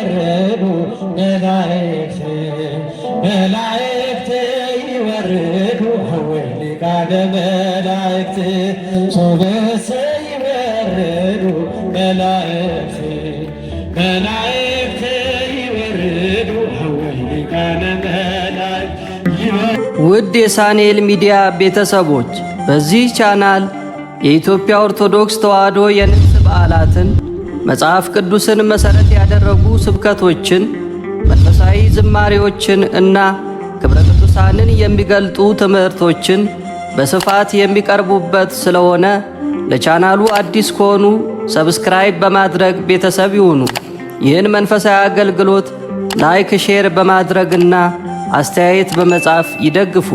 ይወርዱ መላእክት መላእክት ይወርዱ ወሊቃደ መላእክት ሶበሰ ይወርዱ መላእክት መላእክት ይወርዱ ወሊቃደ መላእክት። ውድ የሳንኤል ሚዲያ ቤተሰቦች በዚህ ቻናል የኢትዮጵያ ኦርቶዶክስ ተዋሕዶ የንስ በዓላትን መጽሐፍ ቅዱስን መሠረት ያደረጉ ስብከቶችን፣ መንፈሳዊ ዝማሬዎችን እና ክብረ ቅዱሳንን የሚገልጡ ትምህርቶችን በስፋት የሚቀርቡበት ስለሆነ ለቻናሉ አዲስ ከሆኑ ሰብስክራይብ በማድረግ ቤተሰብ ይሁኑ። ይህን መንፈሳዊ አገልግሎት ላይክ፣ ሼር በማድረግና አስተያየት በመጻፍ ይደግፉ።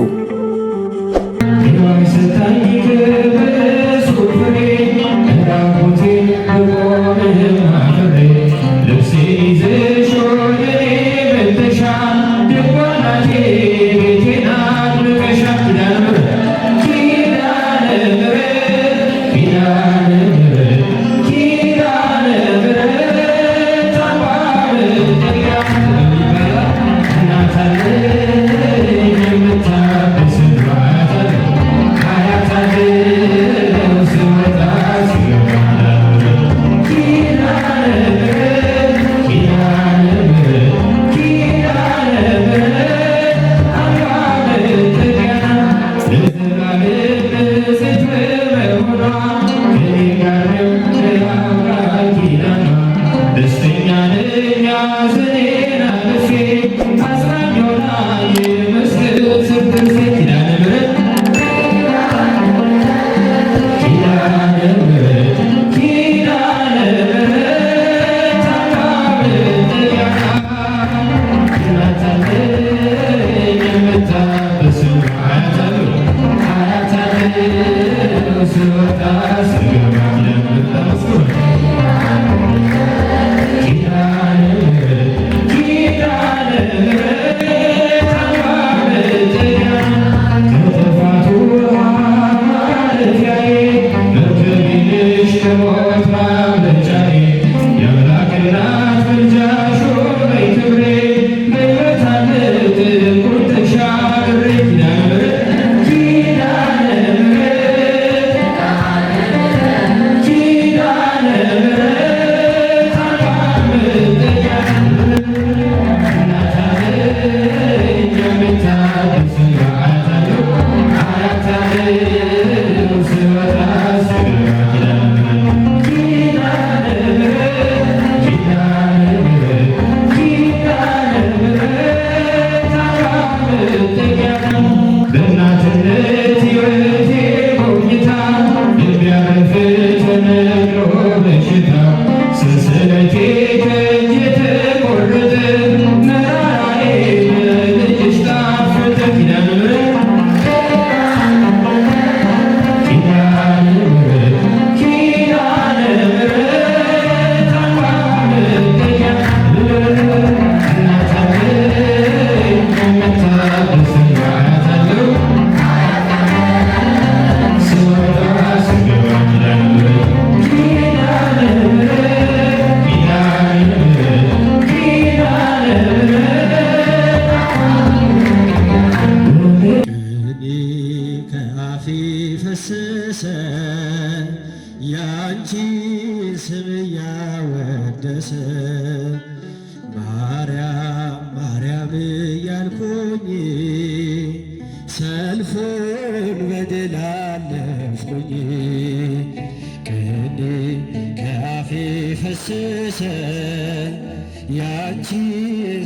smile.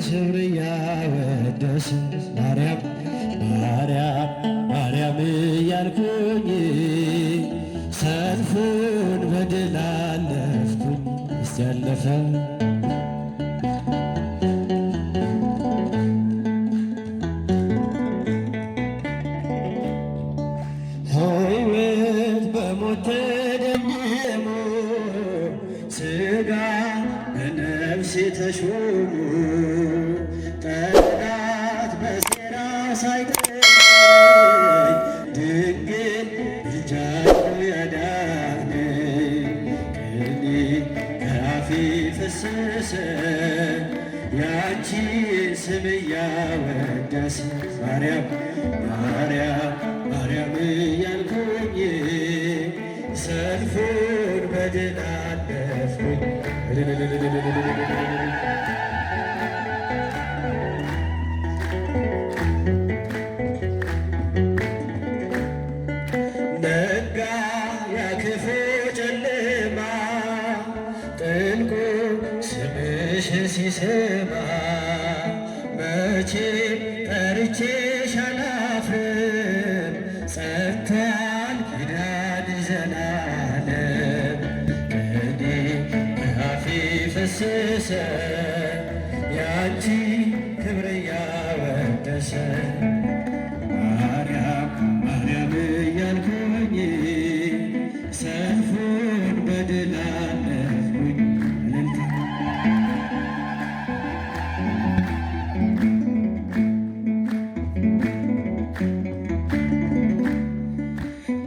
ክብር እያወደስ ማርያም ማርያም ማርያም እያልኩኝ ሰልፉን በድል አለፍኩኝ እስቲ ያለፈ ጃሉ ያዳነ ከኔ ከአፌ ፈሰሰ ያንቺን ስም እያወደስ ማርያም ማርያም ማርያም እያልኩኝ ሰልፉን በድል አለፍኩኝ ሲስማ መቼም ጠርቼሽ አላፍርም። ጸንቷል ኪዳን ዘላለም ከኔ ፈሰሰ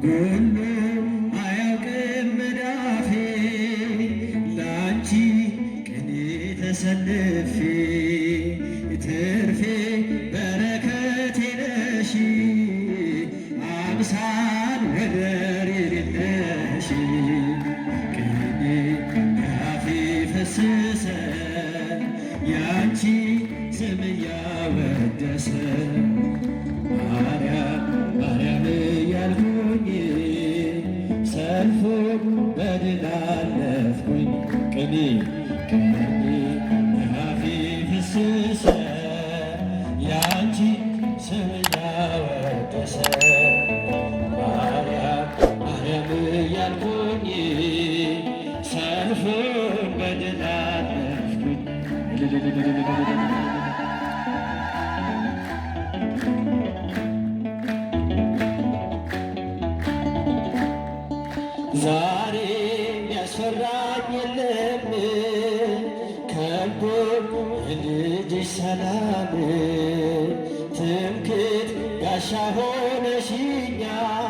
Mm-hmm. ไม่แก่ดี 샤샤 보내시냐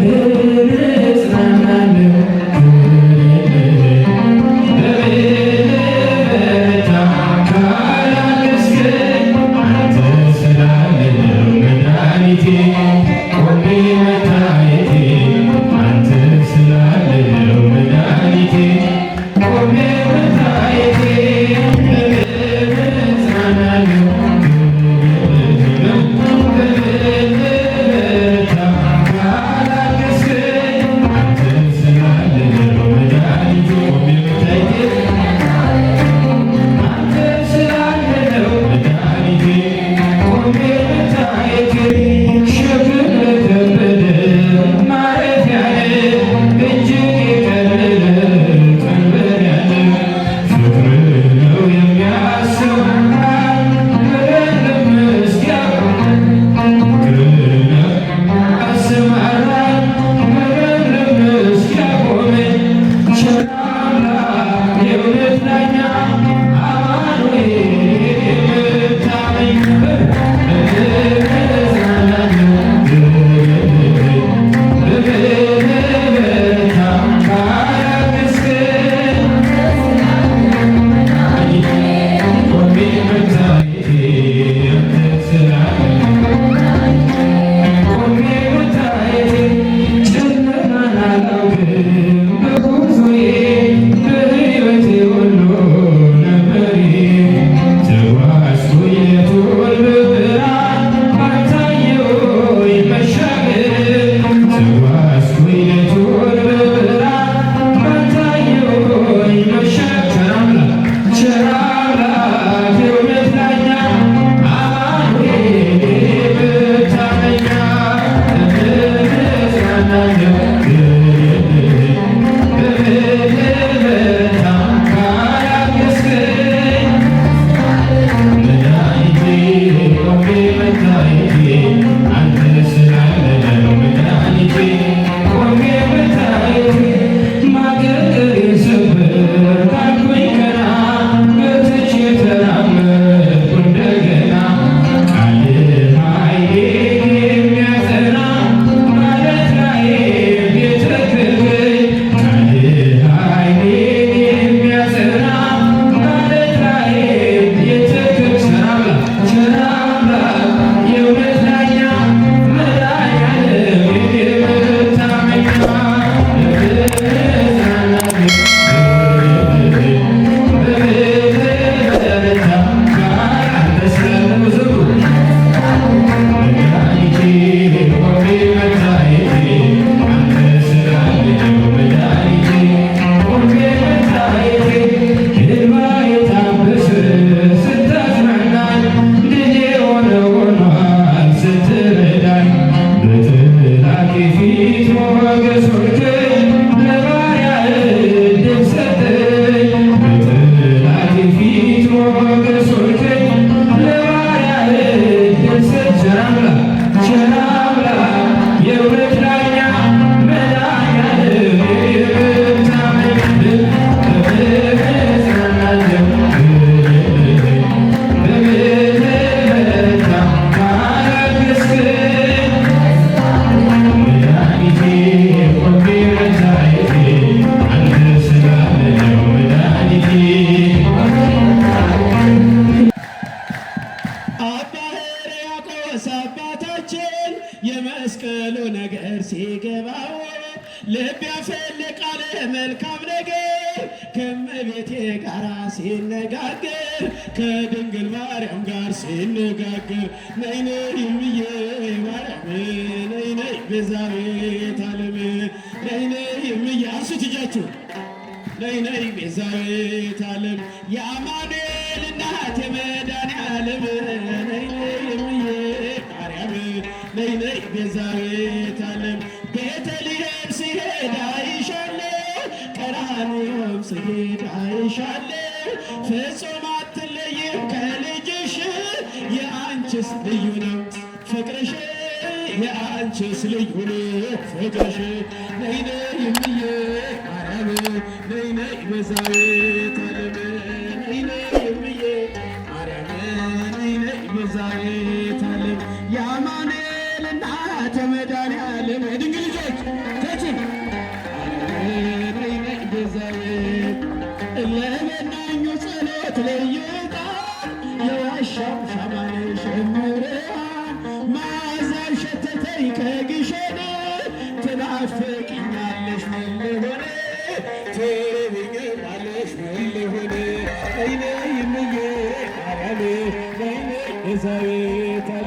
Amen. ቁምዬ ማርያም ነይ ነይ ቤዛቤት ዓለም ነይ ነይ እምዬ አንሱት እጃችሁ ነይ ነይ ቤዛቤት ዓለም የአማኑኤል እናት የመድኃኒዓለም ነይ ነይ ማርያም ነይ ቤዛቤት ዓለም ቤተልሔም ስሄድ አይሻለሁ ቀራንዮም ስሄድ አይሻለሁ ፍጹም አትለይም ከልጅሽ የአንቺስ ልዩ ያንቺስ ልዩ ልት ነይነ የምየ አረብ ነይነ በዛቤ ኤልሳቤት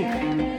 Thank you.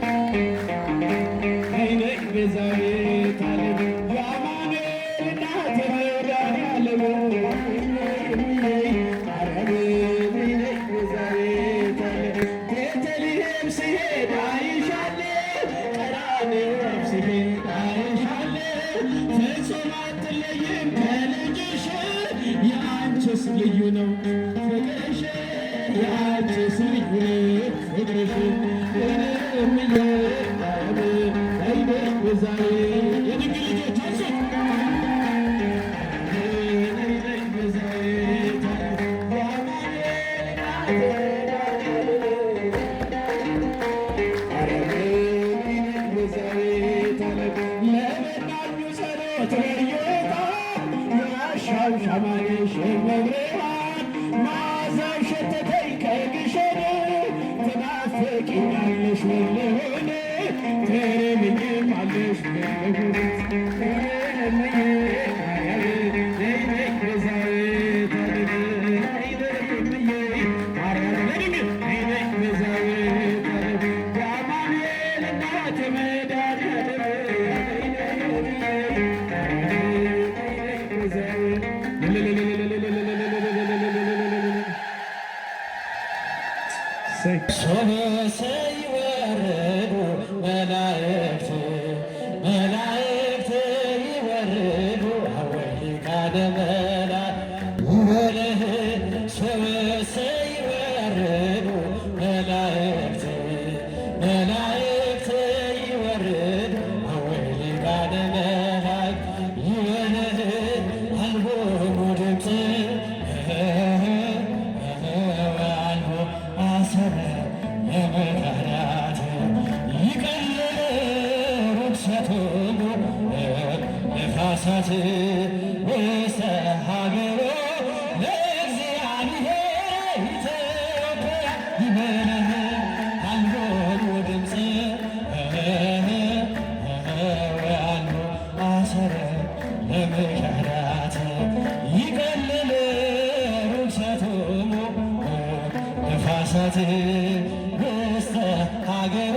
ከሰት በስተ ሀገሬ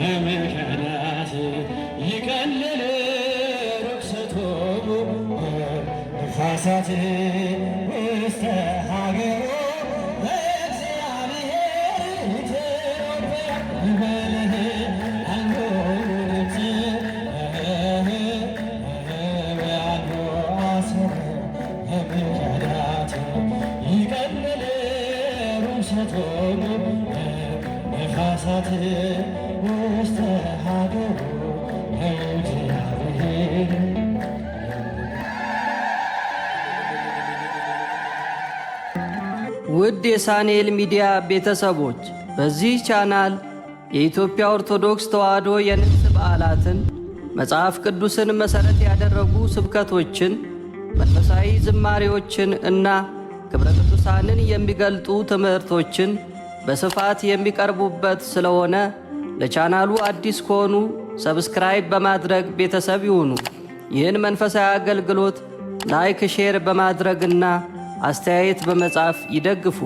በመከራት ይቀልል ርክሰቶሙ ነፋሳት ውስተ ውድ የሳንኤል ሚዲያ ቤተሰቦች በዚህ ቻናል የኢትዮጵያ ኦርቶዶክስ ተዋሕዶ የንግስ በዓላትን፣ መጽሐፍ ቅዱስን መሠረት ያደረጉ ስብከቶችን፣ መንፈሳዊ ዝማሬዎችን እና ክብረ ቅዱሳንን የሚገልጡ ትምህርቶችን በስፋት የሚቀርቡበት ስለሆነ ለቻናሉ አዲስ ከሆኑ ሰብስክራይብ በማድረግ ቤተሰብ ይሁኑ። ይህን መንፈሳዊ አገልግሎት ላይክ፣ ሼር በማድረግና አስተያየት በመጻፍ ይደግፉ።